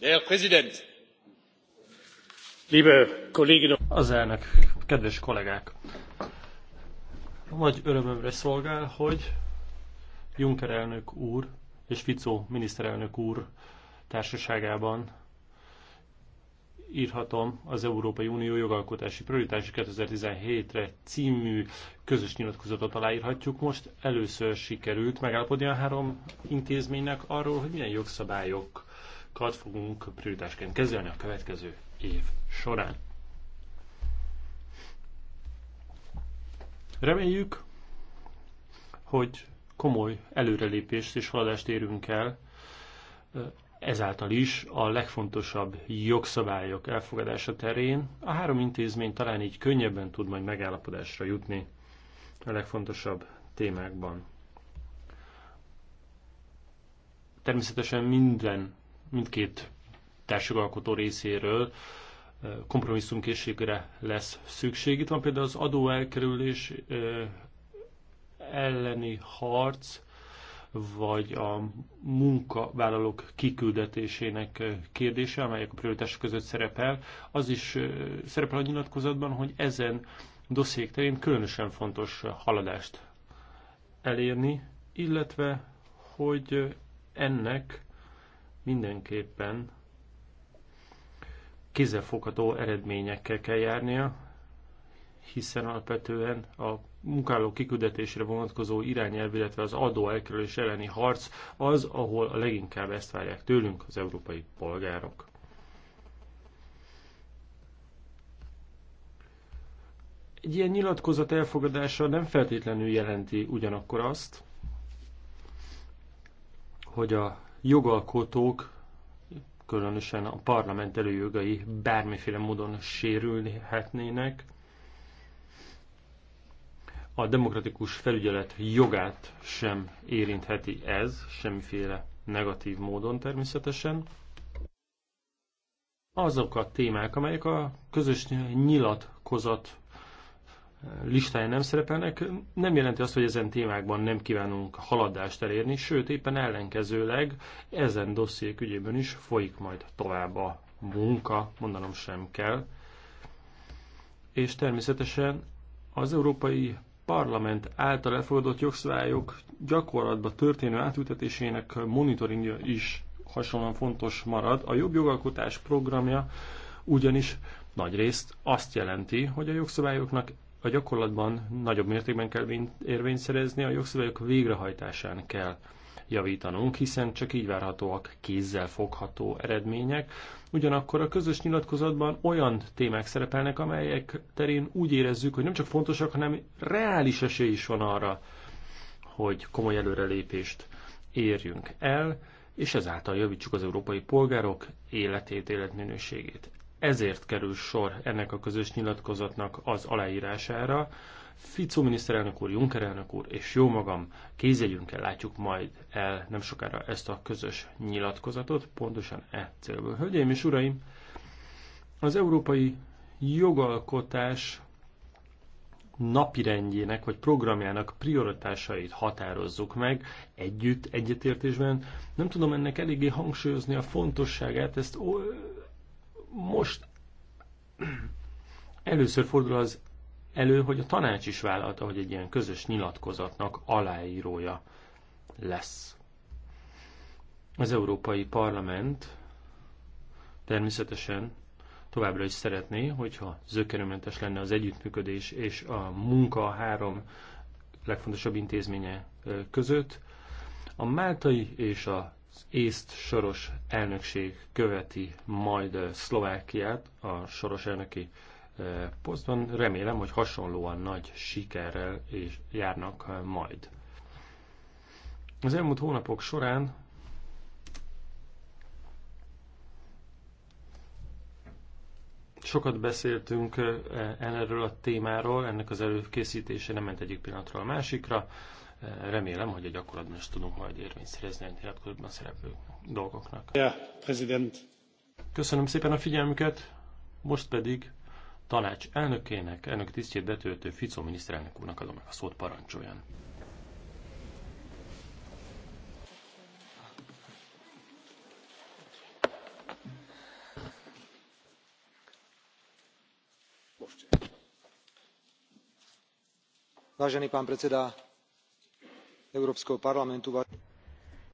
herr präsident liebe kolleginnen und az elnök kedves kollégák nagy örömömre szolgál hogy juncker elnök úr és fico miniszterelnök úr társaságában írhatom az Európai Unió jogalkotási prioritási 2017-re című közös nyilatkozatot aláírhatjuk. Most először sikerült megállapodni a három intézménynek arról, hogy milyen jogszabályok kat fogunk prioritásként kezelni a következő év során. Reméljük, hogy komoly előrelépést és haladást érünk el ezáltal is a legfontosabb jogszabályok elfogadása terén. A három intézmény talán így könnyebben tud majd megállapodásra jutni a legfontosabb témákban. Természetesen minden mindkét társjogalkotó részéről kompromisszumkészségre lesz szükség. Itt van például az adóelkerülés elleni harc, vagy a munkavállalók kiküldetésének kérdése, amelyek a prioritások között szerepel, az is szerepel a nyilatkozatban, hogy ezen dossziék terén különösen fontos haladást elérni, illetve hogy ennek mindenképpen kézzelfogható eredményekkel kell járnia, hiszen alapvetően a munkáló kiküldetésre vonatkozó irányelv, illetve az adó elkerülés elleni harc az, ahol a leginkább ezt várják tőlünk az európai polgárok. Egy ilyen nyilatkozat elfogadása nem feltétlenül jelenti ugyanakkor azt, hogy a jogalkotók, különösen a parlament előjogai bármiféle módon sérülhetnének, a demokratikus felügyelet jogát sem érintheti ez, semmiféle negatív módon természetesen. Azok a témák, amelyek a közös nyilatkozat listáján nem szerepelnek, nem jelenti azt, hogy ezen témákban nem kívánunk haladást elérni, sőt éppen ellenkezőleg ezen dossziék ügyében is folyik majd tovább a munka, mondanom sem kell. És természetesen az Európai Parlament által elfogadott jogszabályok gyakorlatba történő átültetésének monitoringja is hasonlóan fontos marad. A jobb jogalkotás programja ugyanis nagy részt azt jelenti, hogy a jogszabályoknak a gyakorlatban nagyobb mértékben kell érvényt szerezni, a jogszabályok végrehajtásán kell javítanunk, hiszen csak így várhatóak kézzel fogható eredmények. Ugyanakkor a közös nyilatkozatban olyan témák szerepelnek, amelyek terén úgy érezzük, hogy nem csak fontosak, hanem reális esély is van arra, hogy komoly előrelépést érjünk el, és ezáltal javítsuk az európai polgárok életét, életminőségét ezért kerül sor ennek a közös nyilatkozatnak az aláírására. Ficó miniszterelnök úr, Juncker elnök úr és jó magam el, látjuk majd el nem sokára ezt a közös nyilatkozatot, pontosan e célból. Hölgyeim és uraim, az európai jogalkotás napirendjének vagy programjának prioritásait határozzuk meg együtt, egyetértésben. Nem tudom ennek eléggé hangsúlyozni a fontosságát, ezt most először fordul az elő, hogy a tanács is vállalta, hogy egy ilyen közös nyilatkozatnak aláírója lesz. Az Európai Parlament természetesen továbbra is szeretné, hogyha zökerőmentes lenne az együttműködés és a munka a három legfontosabb intézménye között. A máltai és a észt soros elnökség követi majd Szlovákiát a soros elnöki posztban. Remélem, hogy hasonlóan nagy sikerrel és járnak majd. Az elmúlt hónapok során sokat beszéltünk e, erről a témáról, ennek az előkészítése nem ment egyik pillanatról a másikra. Remélem, hogy a gyakorlatban is tudunk majd érvényt szerezni a nyilatkozatban szereplő dolgoknak. Ja, prezident. Köszönöm szépen a figyelmüket, most pedig tanács elnökének, elnök tisztjét betöltő Fico miniszterelnök úrnak adom meg a szót parancsoljon. vážený pán predseda európskeho parlamentu.